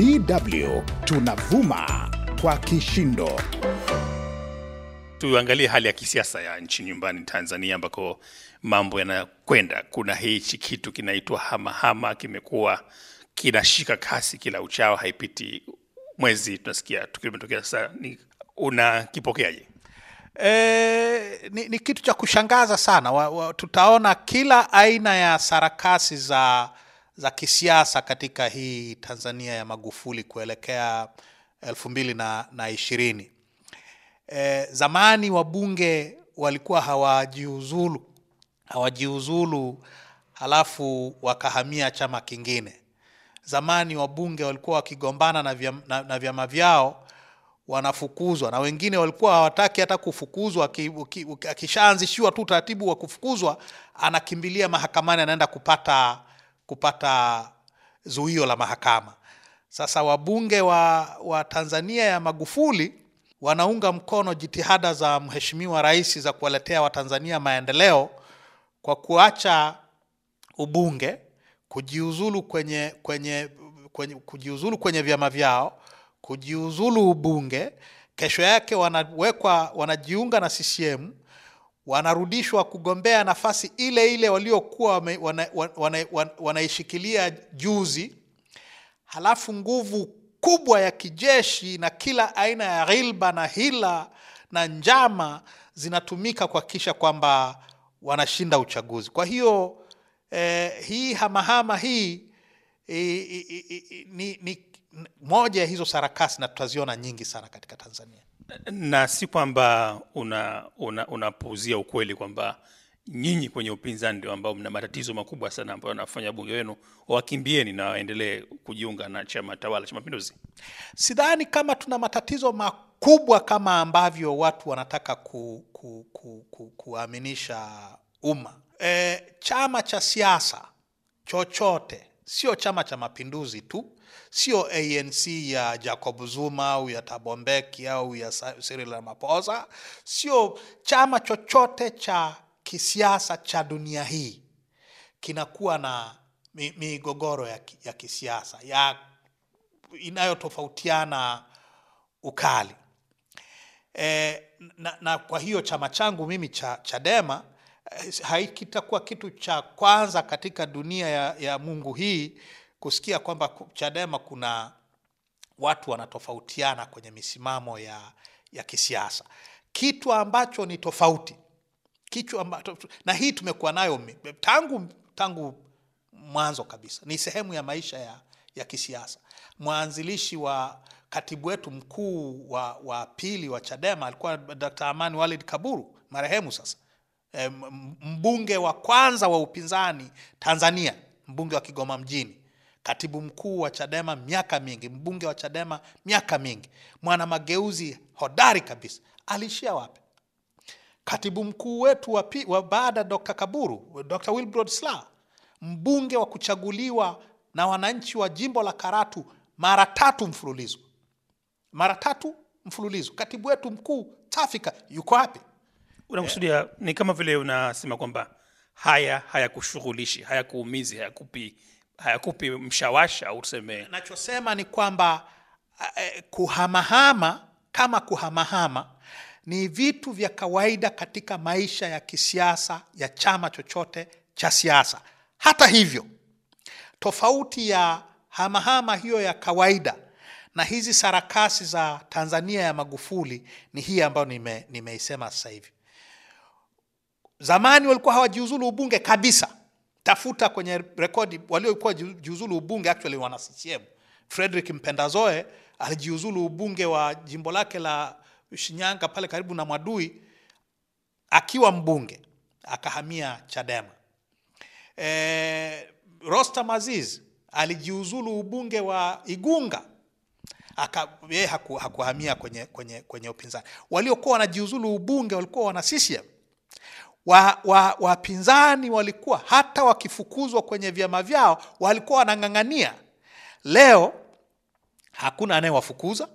DW tunavuma kwa kishindo. Tuangalie hali ya kisiasa ya nchi nyumbani Tanzania, ambako mambo yanakwenda. Kuna hichi kitu kinaitwa hamahama, kimekuwa kinashika kasi kila uchao, haipiti mwezi tunasikia tukio limetokea. Sasa unakipokeaje? E, ni, ni kitu cha kushangaza sana wa, wa, tutaona kila aina ya sarakasi za za kisiasa katika hii Tanzania ya Magufuli kuelekea elfu mbili na ishirini. E, zamani wabunge walikuwa hawajiuzulu hawajiuzulu halafu wakahamia chama kingine. Zamani wabunge walikuwa wakigombana na vya, na, na vyama vyao wanafukuzwa, na wengine walikuwa hawataki hata kufukuzwa. Akishaanzishiwa tu utaratibu wa kufukuzwa, anakimbilia mahakamani, anaenda kupata kupata zuio la mahakama. Sasa wabunge wa, wa Tanzania ya Magufuli wanaunga mkono jitihada za mheshimiwa rais za kuwaletea Watanzania maendeleo kwa kuacha ubunge, kujiuzulu kwenye, kwenye, kwenye, kujiuzulu kwenye vyama vyao, kujiuzulu ubunge, kesho yake wanawekwa wanajiunga na CCM wanarudishwa kugombea nafasi ile ile waliokuwa wanaishikilia wana, wana, wana, wana juzi. Halafu nguvu kubwa ya kijeshi na kila aina ya ghilba na hila na njama zinatumika kuhakikisha kwamba wanashinda uchaguzi. Kwa hiyo eh, hii hamahama hii eh, eh, eh, ni, ni moja ya hizo sarakasi na tutaziona nyingi sana katika Tanzania na si kwamba unapuuzia una, una ukweli kwamba nyinyi kwenye upinzani ndio ambao mna matatizo makubwa sana ambayo anafanya bunge wenu wakimbieni na waendelee kujiunga na chama tawala cha Mapinduzi. Sidhani kama tuna matatizo makubwa kama ambavyo watu wanataka ku, ku, ku, ku, kuaminisha umma. E, chama cha siasa chochote sio Chama cha Mapinduzi tu, sio ANC ya Jacob Zuma au ya tabombeki au ya Cyril Ramaphosa, sio chama chochote cha kisiasa cha dunia hii kinakuwa na migogoro ya, ya kisiasa ya inayotofautiana ukali e, na, na kwa hiyo chama changu mimi cha Chadema haikitakuwa kitu cha kwanza katika dunia ya, ya Mungu hii kusikia kwamba Chadema kuna watu wanatofautiana kwenye misimamo ya, ya kisiasa, kitu ambacho ni tofauti kitu ambacho, na hii tumekuwa nayo tangu tangu mwanzo kabisa, ni sehemu ya maisha ya, ya kisiasa. Mwanzilishi wa katibu wetu mkuu wa, wa pili wa Chadema alikuwa d Amani Walid Kaburu marehemu sasa Eh, mbunge wa kwanza wa upinzani Tanzania, mbunge wa Kigoma mjini, katibu mkuu wa Chadema miaka mingi, mbunge wa Chadema miaka mingi, mwana mageuzi hodari kabisa, aliishia wapi? Katibu mkuu wetu wa, wa baada Dr. Kaburu, Dr. Wilbrod Sla, mbunge wa kuchaguliwa na wananchi wa jimbo la Karatu mara tatu mfululizo, mara tatu mfululizo. Katibu wetu mkuu Tafika yuko wapi? unakusudia ni kama vile unasema kwamba haya hayakushughulishi hayakuumizi hayakupi hayakupi mshawasha au tuseme nachosema ni kwamba eh, eh, kuhamahama kama kuhamahama ni vitu vya kawaida katika maisha ya kisiasa ya chama chochote cha siasa hata hivyo tofauti ya hamahama hiyo ya kawaida na hizi sarakasi za tanzania ya magufuli ni hii ambayo nimeisema nime sasa hivi Zamani walikuwa hawajiuzulu ubunge kabisa. Tafuta kwenye rekodi waliokuwa jiuzulu ubunge actually wana CCM. Frederick Mpendazoe alijiuzulu ubunge wa jimbo lake la Shinyanga pale karibu na Mwadui akiwa mbunge akahamia Chadema. E, Rostam Aziz alijiuzulu ubunge wa Igunga yeye hakuhamia kwenye, kwenye, kwenye upinzani. Waliokuwa wanajiuzulu ubunge walikuwa wana CCM wapinzani wa, wa walikuwa hata wakifukuzwa kwenye vyama vyao walikuwa wanang'ang'ania. Leo hakuna anayewafukuza.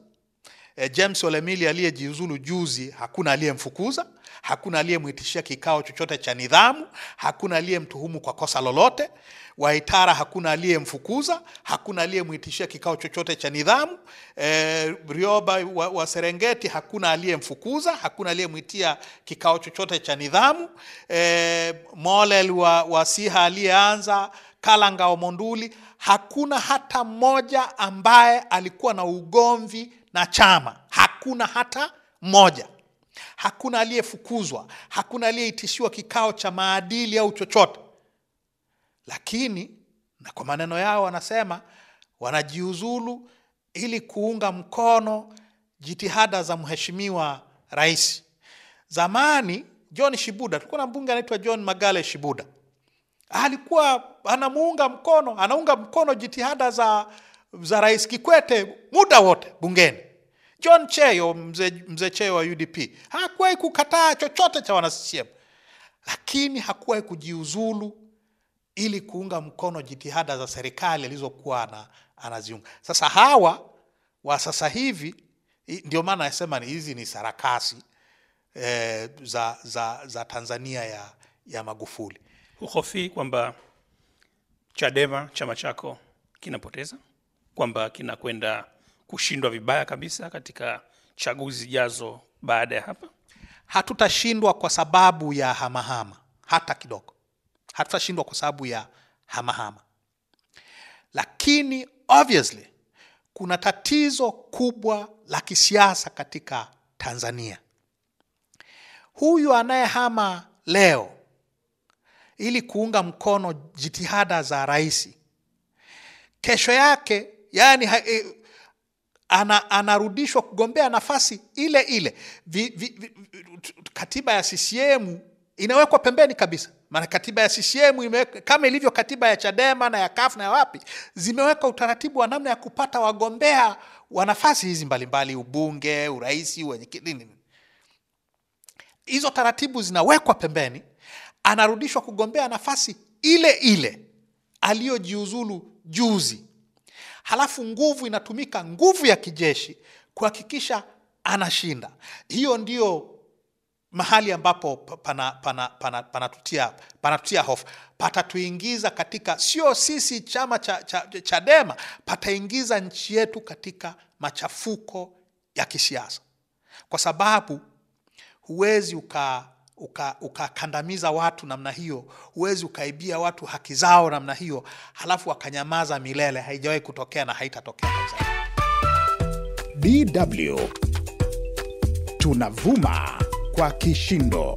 E, James Olemili aliyejiuzulu juzi hakuna aliyemfukuza hakuna aliyemwitishia kikao chochote cha nidhamu, hakuna aliyemtuhumu kwa kosa lolote. Waitara hakuna aliyemfukuza, hakuna aliyemwitishia kikao chochote cha nidhamu. E, Rioba wa, wa Serengeti hakuna aliyemfukuza, hakuna aliyemwitia kikao chochote cha nidhamu. E, Molel wa, wa Siha aliyeanza Kalanga wa Monduli, hakuna hata mmoja ambaye alikuwa na ugomvi na chama, hakuna hata mmoja. Hakuna aliyefukuzwa, hakuna aliyeitishiwa kikao cha maadili au chochote. Lakini na kwa maneno yao wanasema wanajiuzulu ili kuunga mkono jitihada za mheshimiwa rais. Zamani John Shibuda, tulikuwa na mbunge anaitwa John Magale Shibuda, alikuwa anamuunga mkono, anaunga mkono jitihada za, za rais Kikwete muda wote bungeni John Cheyo, mzee mze Cheyo wa UDP hakuwahi kukataa chochote cha wana lakini hakuwahi kujiuzulu ili kuunga mkono jitihada za serikali alizokuwa anaziunga. Sasa hawa wa sasa hivi, ndio maana anasema ni hizi ni sarakasi e, za, za, za Tanzania ya, ya Magufuli. Huhofii kwamba Chadema chama chako kinapoteza, kwamba kinakwenda kushindwa vibaya kabisa katika chaguzi zijazo baada ya hapa? Hatutashindwa kwa sababu ya hamahama hata kidogo, hatutashindwa kwa sababu ya hamahama, lakini obviously kuna tatizo kubwa la kisiasa katika Tanzania. Huyu anayehama leo ili kuunga mkono jitihada za rais, kesho yake yani ana, anarudishwa kugombea nafasi ile ile. Vi, vi, vi, katiba ya CCM inawekwa pembeni kabisa. Maana katiba ya CCM imeweka, kama ilivyo katiba ya Chadema na ya CUF na ya wapi, zimeweka utaratibu wa namna ya kupata wagombea wa nafasi hizi mbalimbali, ubunge, urais, wenyekiti. Hizo taratibu zinawekwa pembeni, anarudishwa kugombea nafasi ile ile aliyojiuzulu juzi halafu nguvu inatumika, nguvu ya kijeshi kuhakikisha anashinda. Hiyo ndio mahali ambapo panatutia pana, pana, pana panatutia hofu, patatuingiza katika, sio sisi chama cha, cha, cha Chadema, pataingiza nchi yetu katika machafuko ya kisiasa, kwa sababu huwezi uka ukakandamiza uka watu namna hiyo, huwezi ukaibia watu haki zao namna hiyo, halafu wakanyamaza milele. Haijawahi kutokea na haitatokea DW tunavuma kwa kishindo.